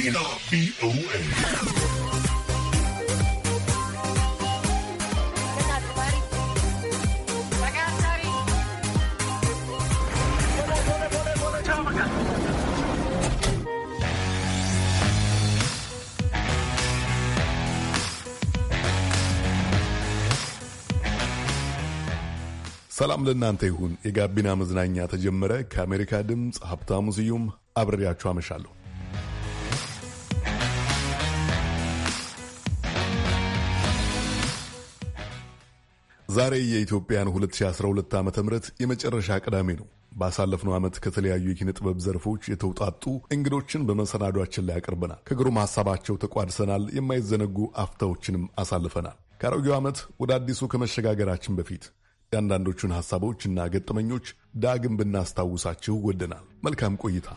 ሰላም ለእናንተ ይሁን። የጋቢና መዝናኛ ተጀመረ። ከአሜሪካ ድምፅ ሀብታሙ ስዩም አብሬያችሁ አመሻለሁ። ዛሬ የኢትዮጵያን 2012 ዓ ም የመጨረሻ ቅዳሜ ነው። ባሳለፍነው ዓመት ከተለያዩ የኪነ ጥበብ ዘርፎች የተውጣጡ እንግዶችን በመሰናዷችን ላይ አቅርበናል። ከግሩም ሐሳባቸው ተቋድሰናል። የማይዘነጉ አፍታዎችንም አሳልፈናል። ከአሮጌው ዓመት ወደ አዲሱ ከመሸጋገራችን በፊት የአንዳንዶቹን ሐሳቦችና ገጠመኞች ዳግም ብናስታውሳችሁ ወደናል። መልካም ቆይታ።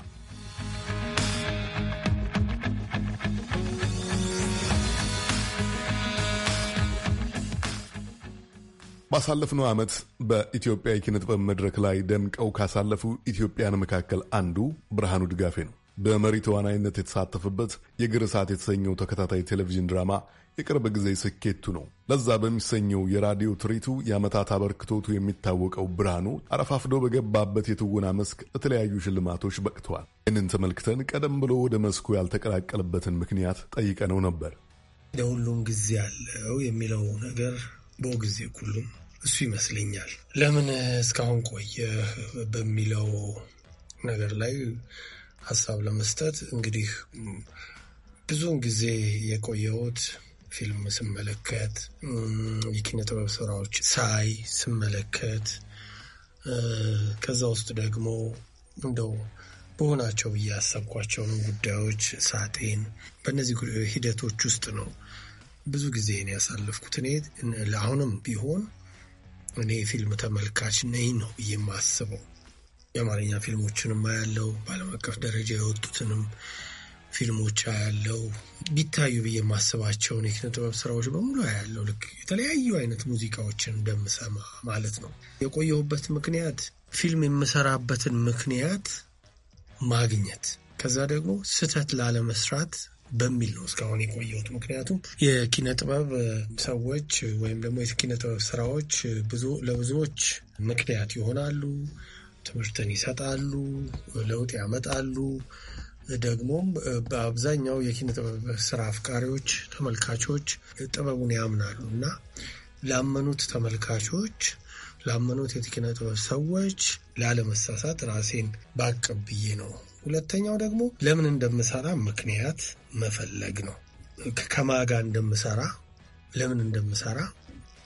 ባሳለፍነው ዓመት በኢትዮጵያ የኪነጥበብ መድረክ ላይ ደምቀው ካሳለፉ ኢትዮጵያን መካከል አንዱ ብርሃኑ ድጋፌ ነው። በመሪ ተዋናይነት የተሳተፈበት የእግር እሳት የተሰኘው ተከታታይ ቴሌቪዥን ድራማ የቅርብ ጊዜ ስኬቱ ነው። ለዛ በሚሰኘው የራዲዮ ትርኢቱ የዓመታት አበርክቶቱ የሚታወቀው ብርሃኑ አረፋፍዶ በገባበት የትወና መስክ ለተለያዩ ሽልማቶች በቅተዋል። ይህንን ተመልክተን ቀደም ብሎ ወደ መስኩ ያልተቀላቀለበትን ምክንያት ጠይቀነው ነበር። ለሁሉም ጊዜ አለው የሚለው ነገር በጊዜ ሁሉም እሱ ይመስለኛል። ለምን እስካሁን ቆየህ በሚለው ነገር ላይ ሀሳብ ለመስጠት እንግዲህ ብዙውን ጊዜ የቆየሁት ፊልም ስመለከት፣ የኪነ ጥበብ ስራዎች ሳይ ስመለከት፣ ከዛ ውስጥ ደግሞ እንደው በሆናቸው ብዬ ያሰብኳቸውን ጉዳዮች ሳጤን፣ በእነዚህ ሂደቶች ውስጥ ነው ብዙ ጊዜ ያሳለፍኩት እኔ ለአሁንም ቢሆን እኔ የፊልም ተመልካች ነኝ ነው ብዬ የማስበው። የአማርኛ ፊልሞችንም አያለው፣ በዓለም አቀፍ ደረጃ የወጡትንም ፊልሞች አያለው። ቢታዩ ብዬ የማስባቸውን የኪነ ጥበብ ስራዎች በሙሉ አያለው። ልክ የተለያዩ አይነት ሙዚቃዎችን እንደምሰማ ማለት ነው። የቆየሁበት ምክንያት ፊልም የምሰራበትን ምክንያት ማግኘት ከዛ ደግሞ ስህተት ላለመስራት በሚል ነው እስካሁን የቆየሁት። ምክንያቱም የኪነ ጥበብ ሰዎች ወይም ደግሞ የኪነ ጥበብ ስራዎች ብዙ ለብዙዎች ምክንያት ይሆናሉ፣ ትምህርትን ይሰጣሉ፣ ለውጥ ያመጣሉ። ደግሞም በአብዛኛው የኪነ ጥበብ ስራ አፍቃሪዎች፣ ተመልካቾች ጥበቡን ያምናሉ እና ላመኑት ተመልካቾች ላመኑት የኪነ ጥበብ ሰዎች ላለመሳሳት ራሴን ባቀብዬ ብዬ ነው ሁለተኛው ደግሞ ለምን እንደምሰራ ምክንያት መፈለግ ነው። ከማጋ እንደምሰራ ለምን እንደምሰራ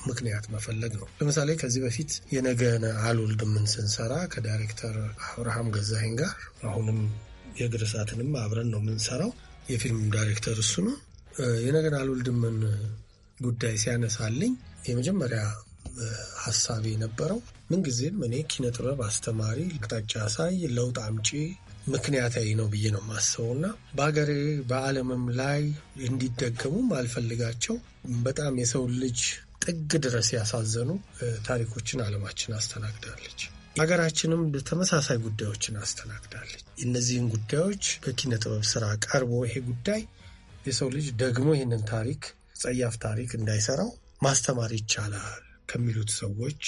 ምክንያት መፈለግ ነው። ለምሳሌ ከዚህ በፊት የነገን አልወልድምን ስንሰራ ከዳይሬክተር አብርሃም ገዛኸኝ ጋር አሁንም የእግር እሳትንም አብረን ነው የምንሰራው። የፊልም ዳይሬክተር እሱ ነው። የነገን አልወልድምን ጉዳይ ሲያነሳልኝ የመጀመሪያ ሀሳቤ የነበረው ምንጊዜም እኔ ኪነ ጥበብ አስተማሪ፣ አቅጣጫ አሳይ፣ ለውጥ አምጪ ምክንያታዊ ነው ብዬ ነው የማስበው እና በሀገሬ በዓለምም ላይ እንዲደገሙ ማልፈልጋቸው በጣም የሰው ልጅ ጥግ ድረስ ያሳዘኑ ታሪኮችን ዓለማችን አስተናግዳለች። ሀገራችንም ተመሳሳይ ጉዳዮችን አስተናግዳለች። እነዚህን ጉዳዮች በኪነ ጥበብ ስራ ቀርቦ ይሄ ጉዳይ የሰው ልጅ ደግሞ ይህንን ታሪክ ጸያፍ ታሪክ እንዳይሰራው ማስተማር ይቻላል ከሚሉት ሰዎች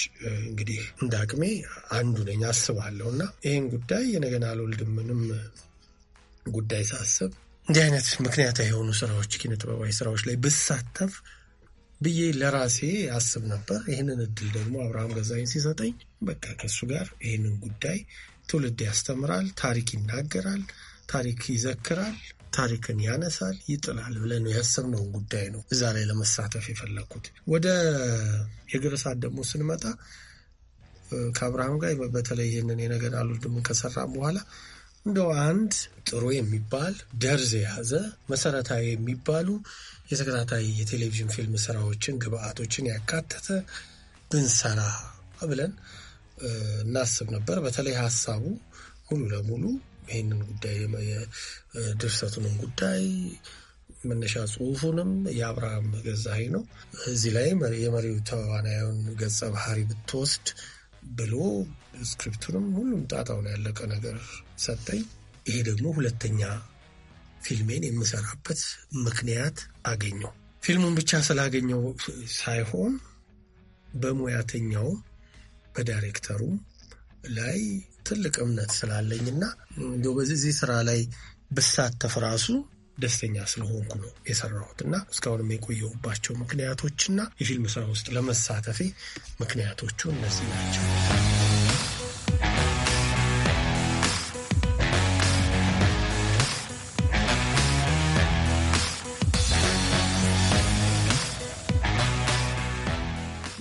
እንግዲህ እንደ አቅሜ አንዱ ነኝ አስባለሁ። እና ይህን ጉዳይ የነገን አልወልድም ምንም ጉዳይ ሳስብ እንዲህ አይነት ምክንያት የሆኑ ስራዎች፣ ጥበባዊ ስራዎች ላይ ብሳተፍ ብዬ ለራሴ አስብ ነበር። ይህንን እድል ደግሞ አብርሃም ገዛኝ ሲሰጠኝ በቃ ከሱ ጋር ይህንን ጉዳይ ትውልድ ያስተምራል፣ ታሪክ ይናገራል፣ ታሪክ ይዘክራል፣ ታሪክን ያነሳል ይጥላል ብለን ያሰብነውን ጉዳይ ነው እዛ ላይ ለመሳተፍ የፈለግኩት። ወደ የግርሳት ደግሞ ስንመጣ ከአብርሃም ጋር በተለይ ይህንን የነገር አልወድምን ከሰራም በኋላ እንደው አንድ ጥሩ የሚባል ደርዝ የያዘ መሰረታዊ የሚባሉ የተከታታይ የቴሌቪዥን ፊልም ስራዎችን ግብአቶችን ያካተተ ብንሰራ ብለን እናስብ ነበር። በተለይ ሀሳቡ ሙሉ ለሙሉ ይህንን ጉዳይ የድርሰቱንም ጉዳይ መነሻ ጽሁፉንም የአብርሃም ገዛኸኝ ነው። እዚህ ላይ የመሪው ተዋናዩን ገጸ ባህሪ ብትወስድ ብሎ ስክሪፕቱንም ሁሉም ጣጣውን ያለቀ ነገር ሰጠኝ። ይሄ ደግሞ ሁለተኛ ፊልሜን የምሰራበት ምክንያት አገኘው። ፊልሙን ብቻ ስላገኘው ሳይሆን በሙያተኛው በዳይሬክተሩ ላይ ትልቅ እምነት ስላለኝ እና በዚህ ስራ ላይ ብሳተፍ ራሱ ደስተኛ ስለሆንኩ ነው የሰራሁት እና እስካሁንም የቆየሁባቸው ምክንያቶችና የፊልም ስራ ውስጥ ለመሳተፌ ምክንያቶቹ እነዚህ ናቸው።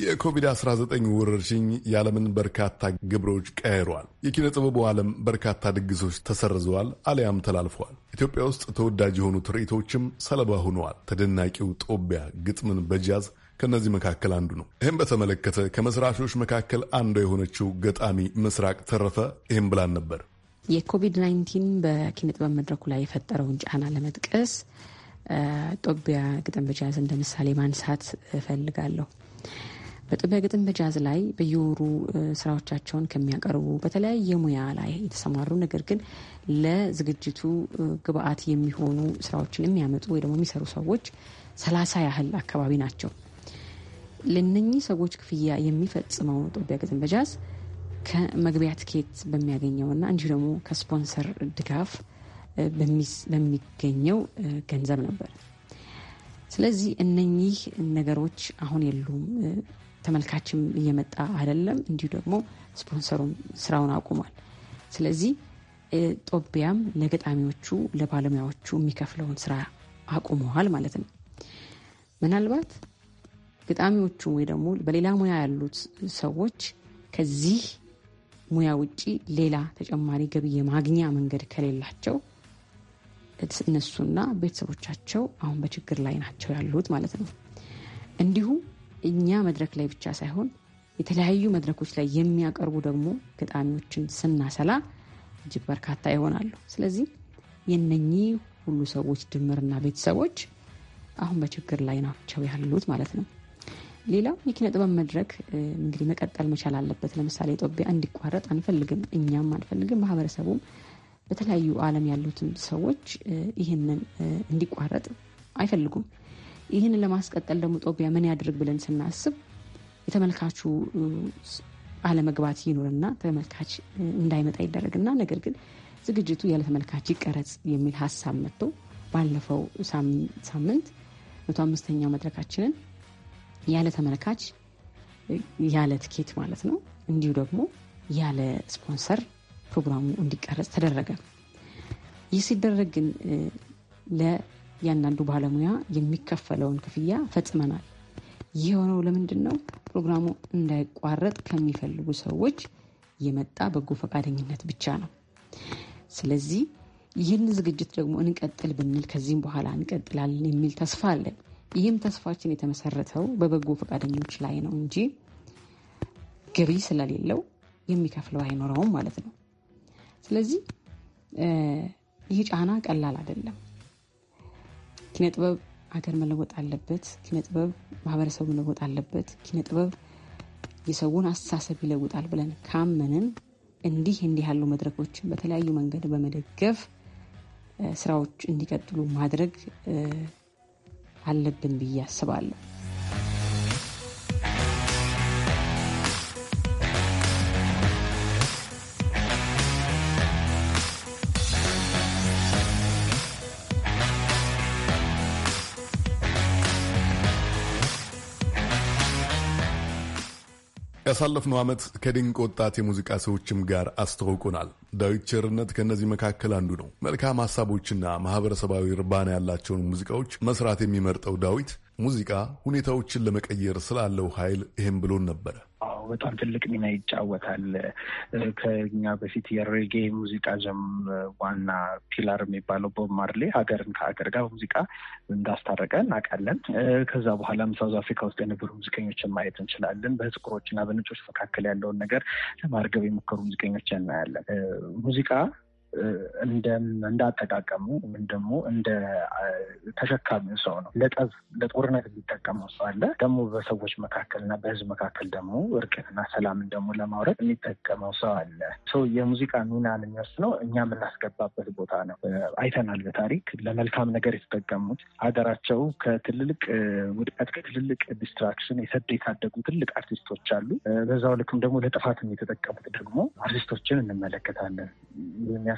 የኮቪድ-19 ወረርሽኝ የዓለምን በርካታ ግብሮች ቀይሯል። የኪነ ጥበቡ ዓለም በርካታ ድግሶች ተሰርዘዋል አሊያም ተላልፈዋል። ኢትዮጵያ ውስጥ ተወዳጅ የሆኑ ትርኢቶችም ሰለባ ሆነዋል። ተደናቂው ጦቢያ ግጥምን በጃዝ ከእነዚህ መካከል አንዱ ነው። ይህም በተመለከተ ከመስራቾች መካከል አንዷ የሆነችው ገጣሚ ምስራቅ ተረፈ ይህም ብላን ነበር። የኮቪድ-19 በኪነጥበብ መድረኩ ላይ የፈጠረውን ጫና ለመጥቀስ ጦቢያ ግጥም በጃዝ እንደ ምሳሌ ማንሳት እፈልጋለሁ። በጥበግጥም በጃዝ ላይ በየወሩ ስራዎቻቸውን ከሚያቀርቡ በተለያየ ሙያ ላይ የተሰማሩ ነገር ግን ለዝግጅቱ ግብአት የሚሆኑ ስራዎችን የሚያመጡ ወይ ደግሞ የሚሰሩ ሰዎች ሰላሳ ያህል አካባቢ ናቸው። ለነኚህ ሰዎች ክፍያ የሚፈጽመው ኢትዮጵያ ግጥም በጃዝ ከመግቢያ ትኬት በሚያገኘውና እንዲሁ ደግሞ ከስፖንሰር ድጋፍ በሚገኘው ገንዘብ ነበር። ስለዚህ እነኚህ ነገሮች አሁን የሉም። ተመልካችም እየመጣ አይደለም። እንዲሁ ደግሞ ስፖንሰሩም ስራውን አቁሟል። ስለዚህ ጦቢያም ለገጣሚዎቹ ለባለሙያዎቹ የሚከፍለውን ስራ አቁመዋል ማለት ነው። ምናልባት ገጣሚዎቹ ወይ ደግሞ በሌላ ሙያ ያሉት ሰዎች ከዚህ ሙያ ውጪ ሌላ ተጨማሪ ገቢ የማግኛ መንገድ ከሌላቸው እነሱና ቤተሰቦቻቸው አሁን በችግር ላይ ናቸው ያሉት ማለት ነው። እንዲሁ እኛ መድረክ ላይ ብቻ ሳይሆን የተለያዩ መድረኮች ላይ የሚያቀርቡ ደግሞ ገጣሚዎችን ስናሰላ እጅግ በርካታ ይሆናሉ። ስለዚህ የነኚህ ሁሉ ሰዎች ድምርና ቤተሰቦች አሁን በችግር ላይ ናቸው ያሉት ማለት ነው። ሌላው የኪነ ጥበብ መድረክ እንግዲህ መቀጠል መቻል አለበት። ለምሳሌ ኢትዮጵያ እንዲቋረጥ አንፈልግም፣ እኛም አንፈልግም። ማህበረሰቡም በተለያዩ ዓለም ያሉትን ሰዎች ይህንን እንዲቋረጥ አይፈልጉም። ይህንን ለማስቀጠል ደግሞ ጦቢያ ምን ያድርግ ብለን ስናስብ የተመልካቹ አለመግባት ይኖርና ተመልካች እንዳይመጣ ይደረግና ነገር ግን ዝግጅቱ ያለ ተመልካች ይቀረጽ የሚል ሀሳብ መጥቶ ባለፈው ሳምንት መቶ አምስተኛው መድረካችንን ያለ ተመልካች ያለ ትኬት ማለት ነው፣ እንዲሁ ደግሞ ያለ ስፖንሰር ፕሮግራሙ እንዲቀረጽ ተደረገ። ይህ ሲደረግ ግን እያንዳንዱ ባለሙያ የሚከፈለውን ክፍያ ፈጽመናል። ይህ የሆነው ለምንድን ነው? ፕሮግራሙ እንዳይቋረጥ ከሚፈልጉ ሰዎች የመጣ በጎ ፈቃደኝነት ብቻ ነው። ስለዚህ ይህን ዝግጅት ደግሞ እንቀጥል ብንል ከዚህም በኋላ እንቀጥላለን የሚል ተስፋ አለን። ይህም ተስፋችን የተመሰረተው በበጎ ፈቃደኞች ላይ ነው እንጂ ገቢ ስለሌለው የሚከፍለው አይኖረውም ማለት ነው። ስለዚህ ይህ ጫና ቀላል አይደለም። ኪነ ጥበብ ሀገር መለወጥ አለበት። ኪነ ጥበብ ማህበረሰቡ መለወጥ አለበት። ኪነ ጥበብ የሰውን አስተሳሰብ ይለውጣል ብለን ካመንን እንዲህ እንዲህ ያሉ መድረኮችን በተለያዩ መንገድ በመደገፍ ስራዎች እንዲቀጥሉ ማድረግ አለብን ብዬ አስባለሁ። ያሳለፍነው ዓመት ከድንቅ ወጣት የሙዚቃ ሰዎችም ጋር አስተዋውቆናል። ዳዊት ቸርነት ከእነዚህ መካከል አንዱ ነው። መልካም ሀሳቦችና ማህበረሰባዊ ርባና ያላቸውን ሙዚቃዎች መስራት የሚመርጠው ዳዊት ሙዚቃ ሁኔታዎችን ለመቀየር ስላለው ኃይል ይህም ብሎን ነበረ። በጣም ትልቅ ሚና ይጫወታል። ከኛ በፊት የሬጌ ሙዚቃ ጀም ዋና ፒላር የሚባለው ቦብ ማርሌ ሀገርን ከሀገር ጋር ሙዚቃ እንዳስታረቀ እናውቃለን። ከዛ በኋላም ሳውዝ አፍሪካ ውስጥ የነበሩ ሙዚቀኞችን ማየት እንችላለን። በጥቁሮች እና በነጮች መካከል ያለውን ነገር ለማርገብ የሞከሩ ሙዚቀኞች እናያለን። ሙዚቃ እንዳጠቃቀሙ ወይም ደግሞ እንደ ተሸካሚ ሰው ነው። ለጠብ ለጦርነት የሚጠቀመው ሰው አለ። ደግሞ በሰዎች መካከልና በህዝብ መካከል ደግሞ እርቅንና ሰላምን ደግሞ ለማውረድ የሚጠቀመው ሰው አለ። ሰው የሙዚቃ ሚናን የሚወስነው እኛ የምናስገባበት ቦታ ነው። አይተናል በታሪክ ለመልካም ነገር የተጠቀሙት ሀገራቸው ከትልልቅ ውድቀት ከትልልቅ ዲስትራክሽን የሰደ የታደጉ ትልቅ አርቲስቶች አሉ። በዛው ልክም ደግሞ ለጥፋትም የተጠቀሙት ደግሞ አርቲስቶችን እንመለከታለን።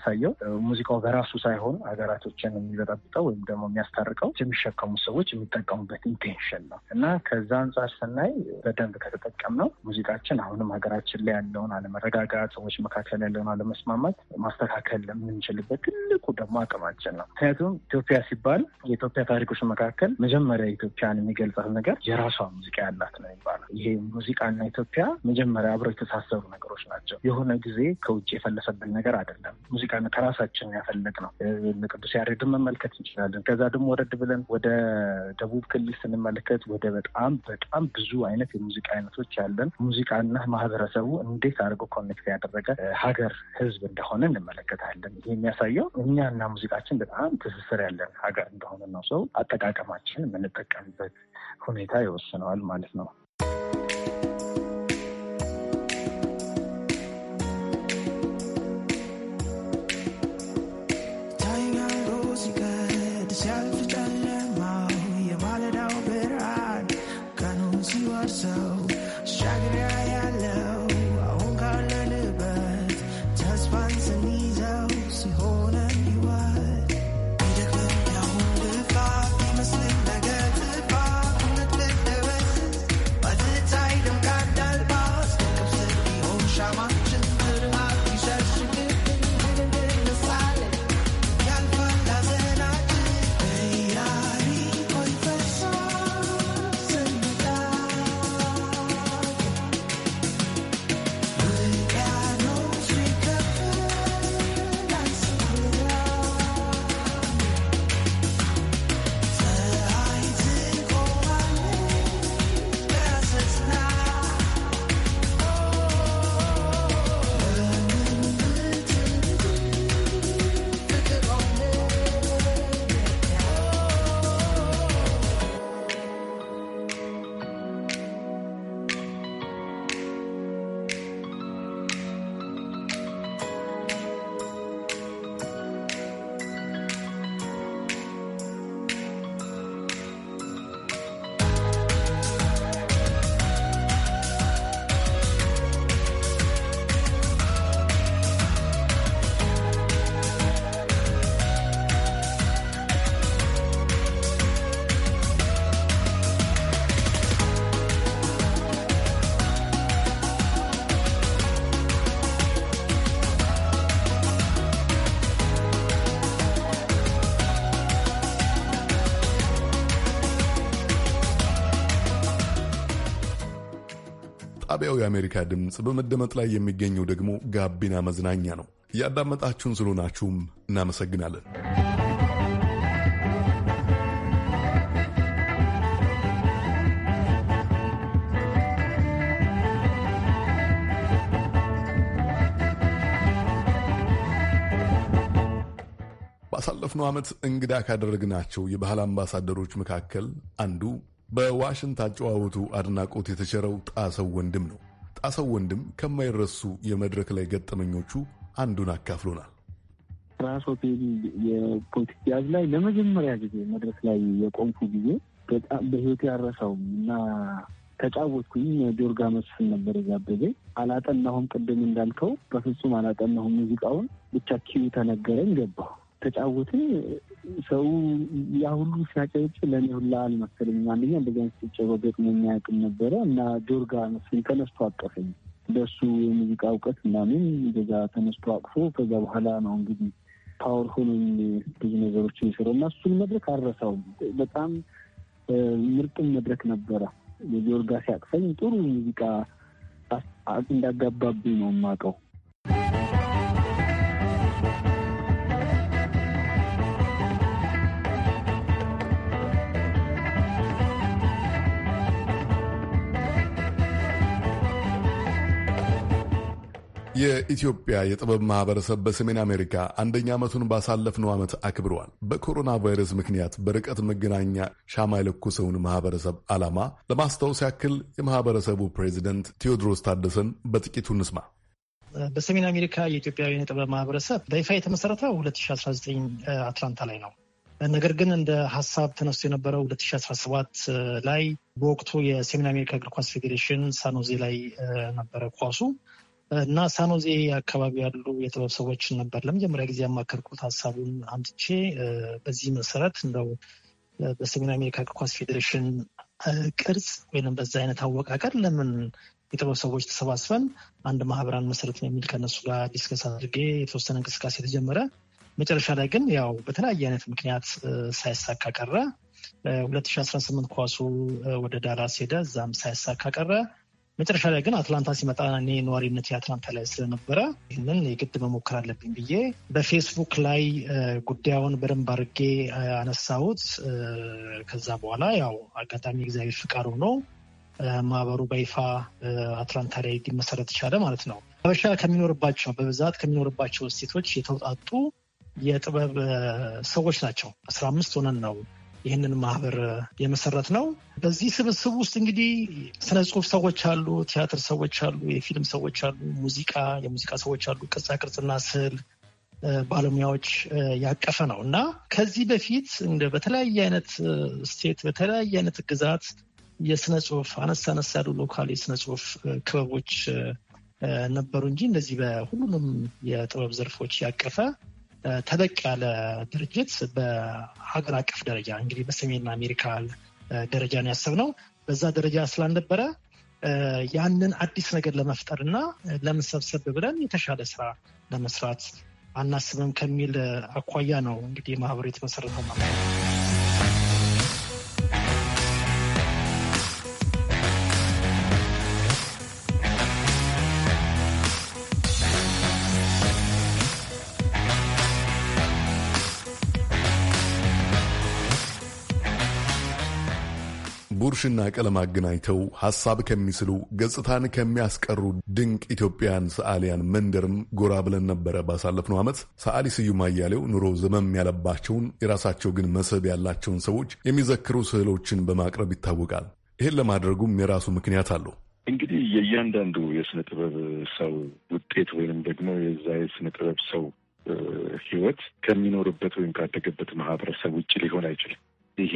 የሚያሳየው ሙዚቃው በራሱ ሳይሆን ሀገራቶችን የሚበጠብጠው ወይም ደግሞ የሚያስታርቀው የሚሸከሙ ሰዎች የሚጠቀሙበት ኢንቴንሽን ነው እና ከዛ አንጻር ስናይ በደንብ ከተጠቀምነው ሙዚቃችን አሁንም ሀገራችን ላይ ያለውን አለመረጋጋት፣ ሰዎች መካከል ያለውን አለመስማማት ማስተካከል የምንችልበት ትልቁ ደግሞ አቅማችን ነው። ምክንያቱም ኢትዮጵያ ሲባል የኢትዮጵያ ታሪኮች መካከል መጀመሪያ ኢትዮጵያን የሚገልጻት ነገር የራሷ ሙዚቃ ያላት ነው ይባላል። ይሄ ሙዚቃና ኢትዮጵያ መጀመሪያ አብረው የተሳሰሩ ነገሮች ናቸው። የሆነ ጊዜ ከውጭ የፈለሰብን ነገር አይደለም። ሙዚቃን ከራሳችን ያፈለግ ነው። ቅዱስ ያሬድን መመልከት እንችላለን። ከዛ ደግሞ ወረድ ብለን ወደ ደቡብ ክልል ስንመለከት ወደ በጣም በጣም ብዙ አይነት የሙዚቃ አይነቶች ያለን ሙዚቃና ማህበረሰቡ እንዴት አድርጎ ኮኔክት ያደረገ ሀገር ህዝብ እንደሆነ እንመለከታለን። ይህ የሚያሳየው እኛና ሙዚቃችን በጣም ትስስር ያለን ሀገር እንደሆነ ነው። ሰው አጠቃቀማችን የምንጠቀምበት ሁኔታ ይወስነዋል ማለት ነው። ጣቢያው የአሜሪካ ድምፅ በመደመጥ ላይ የሚገኘው ደግሞ ጋቢና መዝናኛ ነው። እያዳመጣችሁን ስለሆናችሁም እናመሰግናለን። ባሳለፍነው ዓመት እንግዳ ካደረግናቸው የባህል አምባሳደሮች መካከል አንዱ በዋሽንት አጨዋወቱ አድናቆት የተቸረው ጣሰው ወንድም ነው። ጣሰው ወንድም ከማይረሱ የመድረክ ላይ ገጠመኞቹ አንዱን አካፍሎናል። ራስ ሆቴል የፖቲያዝ ላይ ለመጀመሪያ ጊዜ መድረክ ላይ የቆምኩ ጊዜ በጣም በህይወት ያረሳውም እና ተጫወትኩኝ። ጆርጋ መስፍን ነበር የጋበዘ። አላጠናሁም፣ ቅድም እንዳልከው በፍጹም አላጠናሁም ሙዚቃውን። ብቻ ኪዩ ተነገረኝ፣ ገባሁ፣ ተጫወትን። ሰው ያ ሁሉ ሲያጨበጭ ለእኔ ሁላ አልመሰለኝም። አንደኛ እንደዚህ አይነት ጭብጨባ ገጥሞ የሚያውቅም ነበረ እና ጆርጋ መሰለኝ ተነስቶ አቀፈኝ። እንደሱ የሙዚቃ እውቀት ምናምን እንደዛ ተነስቶ አቅፎ ከዛ በኋላ ነው እንግዲህ ፓወር ሆኖ ብዙ ነገሮችን የሰራው እና እሱን መድረክ አልረሳውም። በጣም ምርጥም መድረክ ነበረ። የጆርጋ ሲያቅፈኝ ጥሩ ሙዚቃ እንዳጋባብኝ ነው የማውቀው። የኢትዮጵያ የጥበብ ማህበረሰብ በሰሜን አሜሪካ አንደኛ ዓመቱን ባሳለፍነው ዓመት አክብረዋል። በኮሮና ቫይረስ ምክንያት በርቀት መገናኛ ሻማ የለኮሰውን ማህበረሰብ ዓላማ ለማስታወስ ያክል የማህበረሰቡ ፕሬዚደንት ቴዎድሮስ ታደሰን በጥቂቱ እንስማ። በሰሜን አሜሪካ የኢትዮጵያውያን የጥበብ ማህበረሰብ በይፋ የተመሰረተው 2019 አትላንታ ላይ ነው። ነገር ግን እንደ ሀሳብ ተነስቶ የነበረው 2017 ላይ በወቅቱ የሰሜን አሜሪካ እግር ኳስ ፌዴሬሽን ሳኖዜ ላይ ነበረ ኳሱ። እና ሳኖዜ አካባቢ ያሉ የጥበብ ሰዎችን ነበር ለመጀመሪያ ጊዜ ያማከርኩት ሀሳቡን አምጥቼ በዚህ መሰረት እንደው በሰሜን አሜሪካ እግር ኳስ ፌዴሬሽን ቅርጽ ወይም በዛ አይነት አወቃቀር ለምን የጥበብ ሰዎች ተሰባስበን አንድ ማህበራን መሰረት የሚል ከነሱ ጋር ዲስከስ አድርጌ የተወሰነ እንቅስቃሴ የተጀመረ መጨረሻ ላይ ግን ያው በተለያየ አይነት ምክንያት ሳይሳካ ቀረ። 2018 ኳሱ ወደ ዳላስ ሄደ፣ እዛም ሳይሳካ ቀረ። መጨረሻ ላይ ግን አትላንታ ሲመጣ እኔ ነዋሪነት የአትላንታ ላይ ስለነበረ ይህንን የግድ መሞከር አለብኝ ብዬ በፌስቡክ ላይ ጉዳዩን በደንብ አድርጌ አነሳሁት። ከዛ በኋላ ያው አጋጣሚ እግዚአብሔር ፍቃድ ሆኖ ማህበሩ በይፋ አትላንታ ላይ ሊመሰረት ይቻለ ማለት ነው። ሀበሻ ከሚኖርባቸው በብዛት ከሚኖርባቸው ስቴቶች የተውጣጡ የጥበብ ሰዎች ናቸው። አስራ አምስት ሆነን ነው ይህንን ማህበር የመሰረት ነው። በዚህ ስብስብ ውስጥ እንግዲህ ስነ ጽሁፍ ሰዎች አሉ፣ ቲያትር ሰዎች አሉ፣ የፊልም ሰዎች አሉ፣ ሙዚቃ የሙዚቃ ሰዎች አሉ፣ ቅርጻ ቅርጽና ስዕል ባለሙያዎች ያቀፈ ነው እና ከዚህ በፊት በተለያየ አይነት ስቴት በተለያየ አይነት ግዛት የስነ ጽሁፍ አነስ አነስ ያሉ ሎካል የስነ ጽሁፍ ክበቦች ነበሩ እንጂ እንደዚህ በሁሉንም የጥበብ ዘርፎች ያቀፈ ተለቅ ያለ ድርጅት በሀገር አቀፍ ደረጃ እንግዲህ በሰሜን አሜሪካ ደረጃ ነው ያሰብነው። በዛ ደረጃ ስላልነበረ ያንን አዲስ ነገር ለመፍጠር እና ለመሰብሰብ ብለን የተሻለ ስራ ለመስራት አናስብም ከሚል አኳያ ነው እንግዲህ ማህበሩ የተመሰረተው ማለት ነው። ብሩሽና ቀለም አገናኝተው ሐሳብ ከሚስሉ ገጽታን ከሚያስቀሩ ድንቅ ኢትዮጵያን ሰዓሊያን መንደርም ጎራ ብለን ነበረ። ባሳለፍነው ዓመት ሰዓሊ ስዩም አያሌው ኑሮ ዘመም ያለባቸውን የራሳቸው ግን መስህብ ያላቸውን ሰዎች የሚዘክሩ ስዕሎችን በማቅረብ ይታወቃል። ይህን ለማድረጉም የራሱ ምክንያት አለው። እንግዲህ የእያንዳንዱ የስነ ጥበብ ሰው ውጤት ወይም ደግሞ የዛ የስነ ጥበብ ሰው ህይወት ከሚኖርበት ወይም ካደገበት ማህበረሰብ ውጭ ሊሆን አይችልም። ይሄ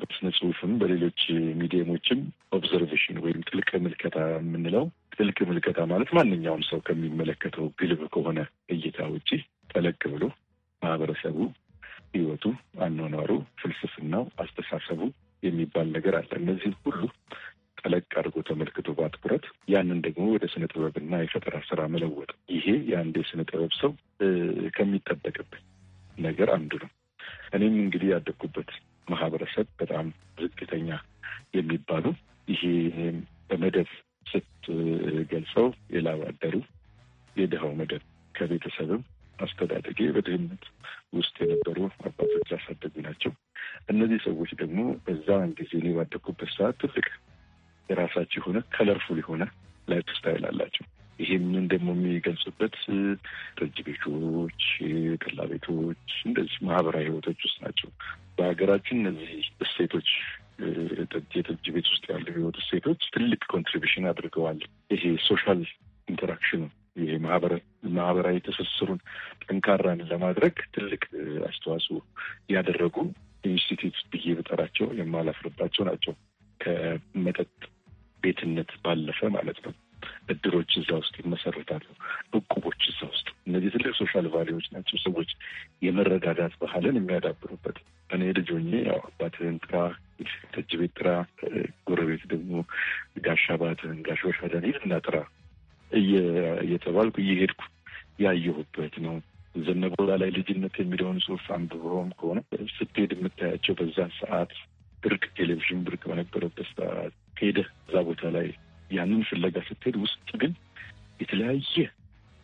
በስነ ጽሁፍም በሌሎች ሚዲየሞችም ኦብዘርቬሽን ወይም ጥልቅ ምልከታ የምንለው ጥልቅ ምልከታ ማለት ማንኛውም ሰው ከሚመለከተው ግልብ ከሆነ እይታ ውጪ ጠለቅ ብሎ ማህበረሰቡ፣ ህይወቱ፣ አኗኗሩ፣ ፍልስፍናው፣ አስተሳሰቡ የሚባል ነገር አለ። እነዚህ ሁሉ ጠለቅ አድርጎ ተመልክቶ በአትኩረት ያንን ደግሞ ወደ ስነ ጥበብና የፈጠራ ስራ መለወጥ፣ ይሄ የአንድ የስነ ጥበብ ሰው ከሚጠበቅብን ነገር አንዱ ነው። እኔም እንግዲህ ያደግኩበት ማህበረሰብ በጣም ዝቅተኛ የሚባሉ ይሄ በመደብ ስትገልጸው የላብ አደሩ የድሃው መደብ ከቤተሰብም አስተዳደጌ በድህነት ውስጥ የነበሩ አባቶች ያሳደጉ ናቸው። እነዚህ ሰዎች ደግሞ በዛን ጊዜ እኔ ሰዓት ትልቅ የራሳቸው የሆነ ከለርፉል የሆነ ላይፍ ስታይል አላቸው። ይህንን ደግሞ የሚገልጹበት ጠጅ ቤቶች፣ ጠላ ቤቶች እንደዚህ ማህበራዊ ህይወቶች ውስጥ ናቸው። በሀገራችን እነዚህ እሴቶች የጠጅ ቤት ውስጥ ያሉ ህይወት እሴቶች ትልቅ ኮንትሪቢሽን አድርገዋል። ይሄ ሶሻል ኢንተራክሽኑ ይሄ ማህበራዊ ትስስሩን ጠንካራን ለማድረግ ትልቅ አስተዋጽኦ ያደረጉ ኢንስቲትዩት ብዬ ብጠራቸው የማላፍርባቸው ናቸው። ከመጠጥ ቤትነት ባለፈ ማለት ነው። እድሮች እዛ ውስጥ ይመሰረታሉ። እቁቦች እዛ ውስጥ እነዚህ ትልቅ ሶሻል ቫሊዎች ናቸው። ሰዎች የመረዳዳት ባህልን የሚያዳብሩበት እኔ ልጅ ሆኜ ያው አባትህን ጥራ፣ ጠጅ ቤት ጥራ፣ ጎረቤት ደግሞ ጋሻ አባትህን ጋሽ ወሻዳን ጥራ እየተባልኩ እየሄድኩ ያየሁበት ነው። ዘነጎላ ላይ ልጅነት የሚለውን ጽሁፍ አንብበውም ከሆነ ስትሄድ የምታያቸው በዛ ሰዓት ብርቅ ቴሌቪዥን ብርቅ በነበረበት ሰዓት ሄደህ እዛ ቦታ ላይ ያንን ፍለጋ ስትሄድ ውስጥ ግን የተለያየ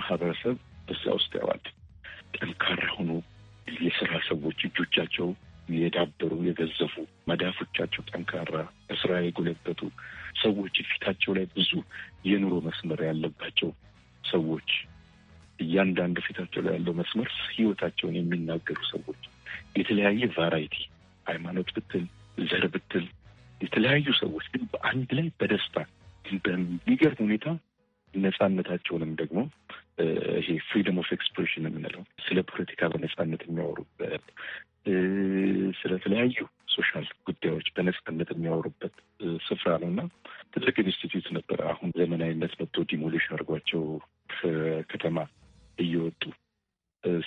ማህበረሰብ እዛ ውስጥ ያዋል። ጠንካራ ሆኖ የስራ ሰዎች እጆቻቸው የዳበሩ የገዘፉ፣ መዳፎቻቸው ጠንካራ፣ በስራ የጎለበቱ ሰዎች ፊታቸው ላይ ብዙ የኑሮ መስመር ያለባቸው ሰዎች እያንዳንዱ ፊታቸው ላይ ያለው መስመር ህይወታቸውን የሚናገሩ ሰዎች የተለያየ ቫራይቲ ሃይማኖት ብትል ዘር ብትል የተለያዩ ሰዎች ግን በአንድ ላይ በደስታ በሚገርም ሁኔታ ነጻነታቸውንም ደግሞ ይሄ ፍሪደም ኦፍ ኤክስፕሬሽን የምንለው ስለ ፖለቲካ በነጻነት የሚያወሩበት ስለተለያዩ ሶሻል ጉዳዮች በነጻነት የሚያወሩበት ስፍራ ነው እና ትልቅ ኢንስቲትዩት ነበር። አሁን ዘመናዊነት መጥቶ ዲሞሊሽ አድርጓቸው ከከተማ እየወጡ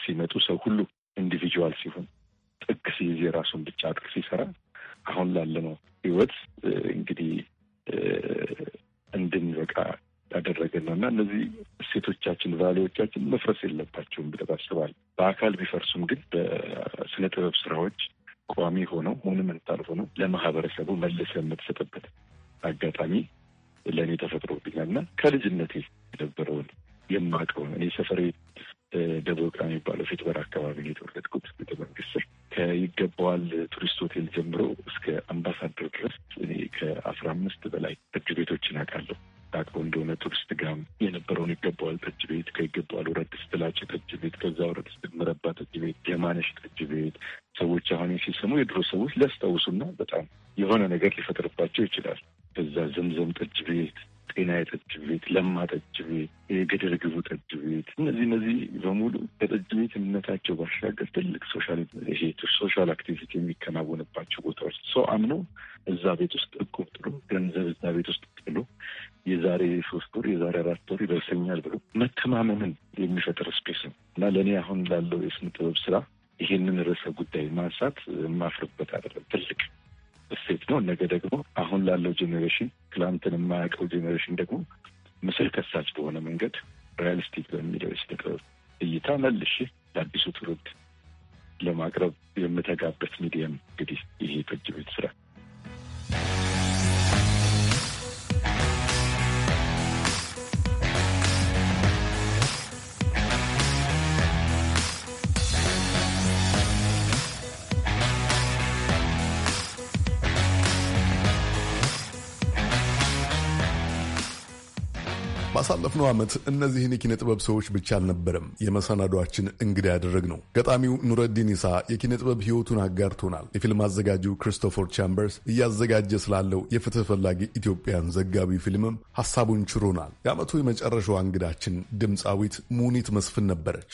ሲመጡ ሰው ሁሉ ኢንዲቪጁዋል ሲሆን ጥግ ሲይዝ የራሱን ብቻ ጥግ ሲሰራ አሁን ላለነው ህይወት እንግዲህ እንድንበቃ ያደረገን ነው እና እነዚህ እሴቶቻችን ቫሌዎቻችን መፍረስ የለባቸውም ብለን አስባለሁ። በአካል ቢፈርሱም ግን በስነ ጥበብ ስራዎች ቋሚ ሆነው ሞኑመንታል ሆነው ለማህበረሰቡ መልስ የምትሰጥበት አጋጣሚ ለእኔ ተፈጥሮብኛል እና ከልጅነቴ የነበረውን የማውቀውን እኔ ሰፈሬ ደቦቃ የሚባለው ፊትበር አካባቢ የተወለድኩት ቤተ መንግስት ስር ከይገባዋል ቱሪስት ሆቴል ጀምሮ እስከ አምባሳደር ድረስ እኔ ከአስራ አምስት በላይ ጠጅ ቤቶችን አውቃለሁ። አቅበው እንደሆነ ቱሪስት ጋም የነበረውን ይገባዋል ጠጅ ቤት፣ ከይገባዋል ውረድ ስትላጭ ጠጅ ቤት፣ ከዛ ውረድ ስትመረባ ጠጅ ቤት፣ የማነሽ ጠጅ ቤት ሰዎች አሁን ሲሰሙ የድሮ ሰዎች ሊያስታውሱና በጣም የሆነ ነገር ሊፈጥርባቸው ይችላል። ከዛ ዘምዘም ጠጅ ቤት ጤና የጠጅ ቤት፣ ለማ ጠጅ ቤት፣ ገደር ግቡ ጠጅ ቤት እነዚህ እነዚህ በሙሉ ከጠጅ ቤትነታቸው ባሻገር ትልቅ ሶሻል ሶሻል አክቲቪቲ የሚከናወንባቸው ቦታዎች ሰው አምኖ እዛ ቤት ውስጥ እቁብ ጥሎ ገንዘብ እዛ ቤት ውስጥ ጥሎ የዛሬ ሶስት ወር የዛሬ አራት ወር ይደርሰኛል ብሎ መተማመንን የሚፈጥር ስፔስ ነው እና ለእኔ አሁን ላለው የስነ ጥበብ ስራ ይህንን ርዕሰ ጉዳይ ማንሳት የማፍርበት አይደለም። ትልቅ እሴት ነው። ነገ ደግሞ አሁን ላለው ጄኔሬሽን ትላንትን የማያውቀው ጄኔሬሽን ደግሞ ምስል ከሳች በሆነ መንገድ ሪያሊስቲክ በሚለው የስነጥበብ እይታ መልሽ ለአዲሱ ትውልድ ለማቅረብ የምተጋበት ሚዲየም እንግዲህ ይሄ ፍጅ ቤት ስራ ባሳለፍነው ዓመት እነዚህን የኪነ ጥበብ ሰዎች ብቻ አልነበረም የመሰናዷችን እንግዳ ያደረግ ነው። ገጣሚው ኑረዲን ኢሳ የኪነ ጥበብ ሕይወቱን አጋርቶናል። የፊልም አዘጋጁ ክሪስቶፈር ቻምበርስ እያዘጋጀ ስላለው የፍትህ ፈላጊ ኢትዮጵያን ዘጋቢ ፊልምም ሀሳቡን ችሮናል። የዓመቱ የመጨረሻዋ እንግዳችን ድምፃዊት ሙኒት መስፍን ነበረች።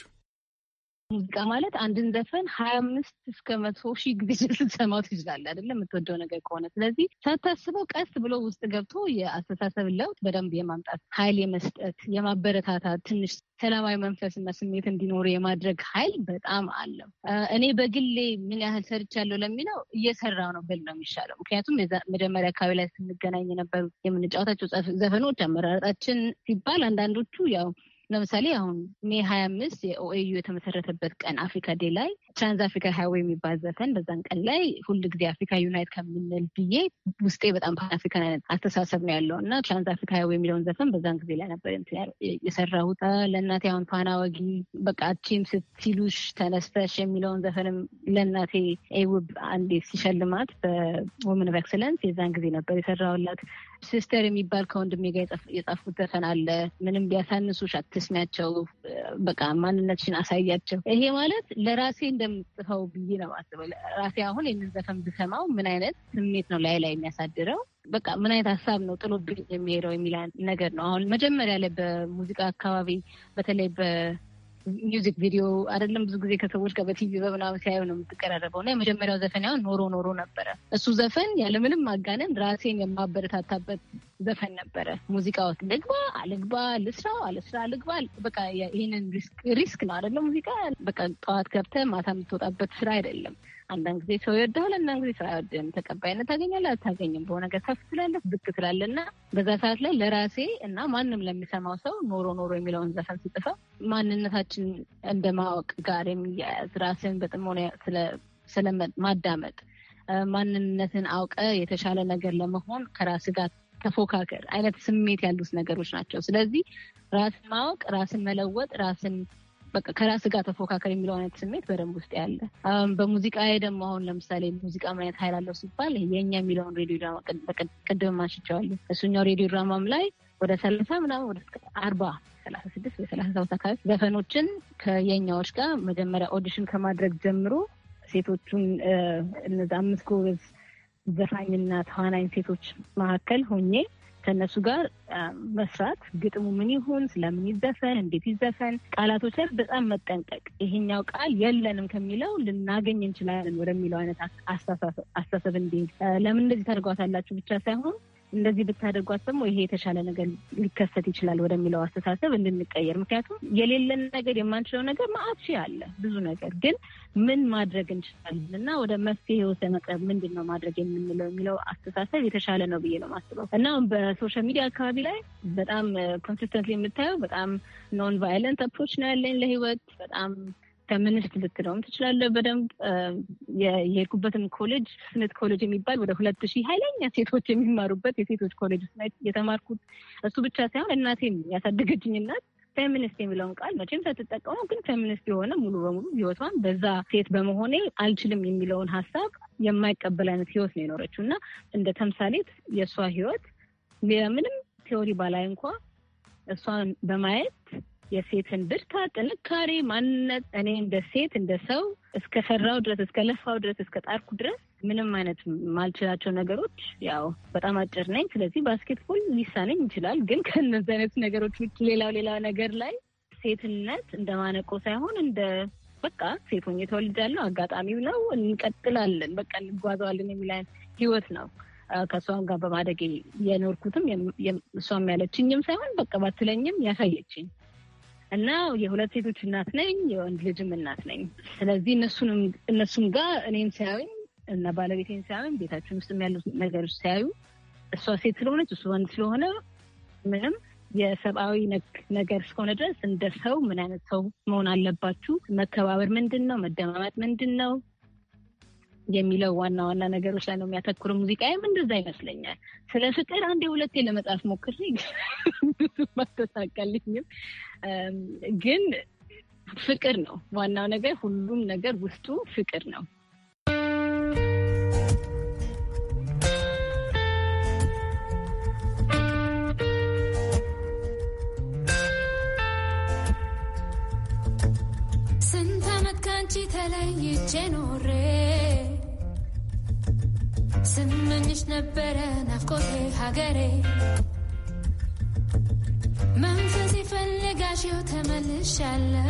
ሙዚቃ ማለት አንድን ዘፈን ሀያ አምስት እስከ መቶ ሺህ ጊዜ ልትሰማው ትችላለህ አይደለም፣ የምትወደው ነገር ከሆነ። ስለዚህ ሳታስበው ቀስ ብሎ ውስጥ ገብቶ የአስተሳሰብ ለውጥ በደንብ የማምጣት ኃይል የመስጠት የማበረታታት ትንሽ ሰላማዊ መንፈስና ስሜት እንዲኖሩ የማድረግ ኃይል በጣም አለው። እኔ በግሌ ምን ያህል ሰርቻለሁ ለሚለው እየሰራው ነው ብል ነው የሚሻለው። ምክንያቱም መጀመሪያ አካባቢ ላይ ስንገናኝ የነበሩ የምንጫወታቸው ዘፈኖች አመራረጣችን ሲባል አንዳንዶቹ ያው ለምሳሌ አሁን ሜ ሀያ አምስት የኦኤዩ የተመሰረተበት ቀን አፍሪካ ዴ ላይ ትራንስ አፍሪካ ሃይዌ የሚባል ዘፈን በዛን ቀን ላይ ሁል ጊዜ አፍሪካ ዩናይት ከምንል ብዬ ውስጤ በጣም ፓን አፍሪካን አይነት አስተሳሰብ ነው ያለው እና ትራንስ አፍሪካ ሃይዌ የሚለውን ዘፈን በዛን ጊዜ ላይ ነበር የሰራሁት። ለእናቴ አሁን ፓና ወጊ በቃ ቺም ሲሉሽ ተነስተሽ የሚለውን ዘፈንም ለእናቴ ኤውብ አንዴ ሲሸልማት በወመን ኦፍ ኤክሰለንስ የዛን ጊዜ ነበር የሰራሁላት። ሲስተር የሚባል ከወንድሜ ጋር ዘፈን አለ። ምንም ቢያሳንሱሽ አትስሚያቸው በቃ ማንነትሽን አሳያቸው። ይሄ ማለት ለራሴ እንደምጽፈው ብዬ ነው ማስበው። ራሴ አሁን ይህንን ዘፈን ብሰማው ምን አይነት ስሜት ነው ላይ ላይ የሚያሳድረው በቃ ምን አይነት ሀሳብ ነው ጥሎብኝ የሚሄደው የሚል ነገር ነው። አሁን መጀመሪያ ላይ በሙዚቃ አካባቢ በተለይ ሚውዚክ ቪዲዮ አይደለም ብዙ ጊዜ ከሰዎች ጋር በቲቪ በምናምን ሲያዩ ነው የምትቀራረበው እና የመጀመሪያው ዘፈን ያሁን ኖሮ ኖሮ ነበረ። እሱ ዘፈን ያለምንም ማጋነን ራሴን የማበረታታበት ዘፈን ነበረ። ሙዚቃ ውስጥ ልግባ አልግባ፣ ልስራው አልስራ፣ ልግባ በቃ ይህንን ሪስክ ነው አይደለም ሙዚቃ በቃ ጠዋት ገብተህ ማታ የምትወጣበት ስራ አይደለም። አንዳንድ ጊዜ ሰው ይወድሃል፣ አንዳንድ ጊዜ ሰው አይወድህም። ተቀባይነት ታገኛለህ አታገኝም። በሆነ ነገር ከፍ ትላለህ፣ ብቅ ትላለህ እና በዛ ሰዓት ላይ ለራሴ እና ማንም ለሚሰማው ሰው ኖሮ ኖሮ የሚለውን ዘፈን ስጽፈ ማንነታችን እንደ ማወቅ ጋር የሚያያዝ ራስን በጥሞና ስለማዳመጥ ማንነትን አውቀ የተሻለ ነገር ለመሆን ከራስ ጋር ተፎካከር አይነት ስሜት ያሉት ነገሮች ናቸው። ስለዚህ ራስን ማወቅ፣ ራስን መለወጥ፣ ራስን በቃ ከራስ ጋር ተፎካከር የሚለው አይነት ስሜት በደንብ ውስጥ ያለ በሙዚቃ ደግሞ አሁን ለምሳሌ ሙዚቃ ምን አይነት ኃይል አለው ሲባል የእኛ የሚለውን ሬዲዮ ድራማ ቅድም ማሽቸዋለ እሱኛው ሬዲዮ ድራማም ላይ ወደ ሰላሳ ምናምን ወደ አርባ ሰላሳ ስድስት ወይ ሰላሳ ሰባት አካባቢ ዘፈኖችን ከየኛዎች ጋር መጀመሪያ ኦዲሽን ከማድረግ ጀምሮ ሴቶቹን እነዚ አምስት ጎበዝ ዘፋኝና ተዋናኝ ሴቶች መካከል ሆኜ ከእነሱ ጋር መስራት ግጥሙ ምን ይሁን፣ ስለምን ይዘፈን፣ እንዴት ይዘፈን፣ ቃላቶች ላይ በጣም መጠንቀቅ ይሄኛው ቃል የለንም ከሚለው ልናገኝ እንችላለን ወደሚለው አይነት አስተሳሰብ እንዲሄድ ለምን እንደዚህ ታደርጓታላችሁ ብቻ ሳይሆን እንደዚህ ብታደርጓት ደግሞ ይሄ የተሻለ ነገር ሊከሰት ይችላል ወደሚለው አስተሳሰብ እንድንቀየር። ምክንያቱም የሌለን ነገር የማንችለው ነገር ማአት አለ ብዙ ነገር ግን ምን ማድረግ እንችላለን እና ወደ መፍትሄ ወሰ መቅረብ ምንድን ነው ማድረግ የምንለው የሚለው አስተሳሰብ የተሻለ ነው ብዬ ነው ማስበው እና በሶሻል ሚዲያ አካባቢ ላይ በጣም ኮንሲስተንት የምታየው በጣም ኖን ቫይለንት አፕሮች ነው ያለኝ ለህይወት በጣም ከምንስት ልትለውም ትችላለህ። በደንብ የሄድኩበትም ኮሌጅ ስነት ኮሌጅ የሚባል ወደ ሁለት ሺህ ኃይለኛ ሴቶች የሚማሩበት የሴቶች ኮሌጅ ስነት የተማርኩት እሱ ብቻ ሳይሆን እናቴም ያሳደገችኝ እናት ፌሚኒስት የሚለውን ቃል መቼም ሳትጠቀሙ ግን ፌሚኒስት የሆነ ሙሉ በሙሉ ህይወቷን በዛ ሴት በመሆኔ አልችልም የሚለውን ሀሳብ የማይቀበል አይነት ህይወት ነው የኖረችው እና እንደ ተምሳሌት የእሷ ህይወት ምንም ቴዎሪ ባላይ እንኳ እሷን በማየት የሴትን ብርታ ጥንካሬ፣ ማንነት እኔ እንደ ሴት እንደ ሰው እስከሰራው ድረስ እስከ ለፋው ድረስ እስከ ጣርኩ ድረስ ምንም አይነት ማልችላቸው ነገሮች ያው በጣም አጭር ነኝ። ስለዚህ ባስኬትቦል ሊሳነኝ ይችላል። ግን ከነዚህ አይነት ነገሮች ውጭ ሌላው ሌላ ነገር ላይ ሴትነት እንደ ማነቆ ሳይሆን እንደ በቃ ሴት ሆኜ ተወልጃለሁ፣ አጋጣሚው ነው፣ እንቀጥላለን፣ በቃ እንጓዘዋለን የሚል ህይወት ነው። ከእሷም ጋር በማደግ የኖርኩትም እሷም ያለችኝም ሳይሆን በቃ ባትለኝም ያሳየችኝ እና የሁለት ሴቶች እናት ነኝ፣ የወንድ ልጅም እናት ነኝ። ስለዚህ እነሱም ጋር እኔም ሲያዩኝ እና ባለቤቴን ሲያዩኝ ቤታችን ውስጥ ያሉት ነገሮች ሲያዩ እሷ ሴት ስለሆነች እሱ ወንድ ስለሆነ ምንም የሰብአዊ ነገር እስከሆነ ድረስ እንደ ሰው ምን አይነት ሰው መሆን አለባችሁ፣ መከባበር ምንድን ነው፣ መደማመጥ ምንድን ነው የሚለው ዋና ዋና ነገሮች ላይ ነው የሚያተኩረው። ሙዚቃዬም እንደዛ ይመስለኛል። ስለ ፍቅር አንዴ ሁለቴ ለመጻፍ ሞክሬ አልተሳካልኝም። ግን ፍቅር ነው ዋናው ነገር። ሁሉም ነገር ውስጡ ፍቅር ነው። ስንት አመት ተለይቼ ኖሬ ስመኝሽ ነበረ ናፍቆቴ ሀገሬ መንፈስ ይፈልጋሽው ተመልሻለሁ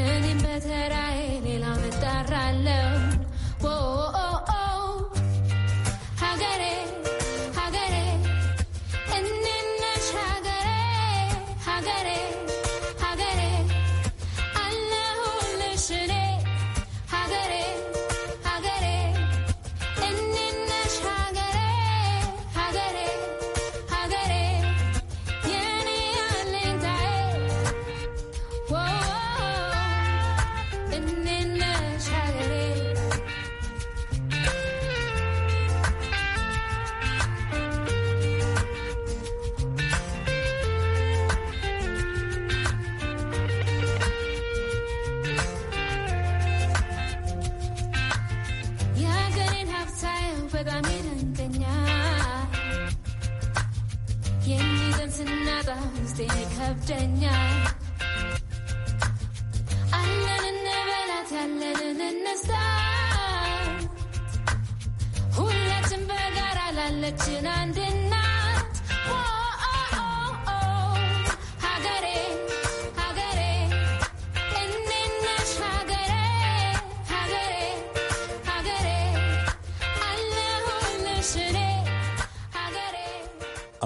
እኔም በተራዬ ሌላውን እጠራለሁ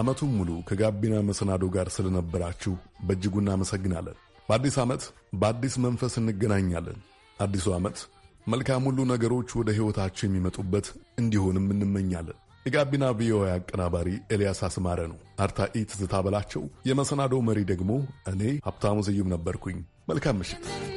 ዓመቱን ሙሉ ከጋቢና መሰናዶ ጋር ስለነበራችሁ በእጅጉ እናመሰግናለን። በአዲስ ዓመት በአዲስ መንፈስ እንገናኛለን። አዲሱ ዓመት መልካም ሁሉ ነገሮች ወደ ሕይወታችሁ የሚመጡበት እንዲሆንም እንመኛለን። የጋቢና ቪኦኤ አቀናባሪ ኤልያስ አስማረ ነው። አርታኢ ትዝታ በላቸው፣ የመሰናዶ መሪ ደግሞ እኔ ሀብታሙ ስዩም ነበርኩኝ። መልካም ምሽት።